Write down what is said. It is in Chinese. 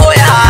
乌鸦。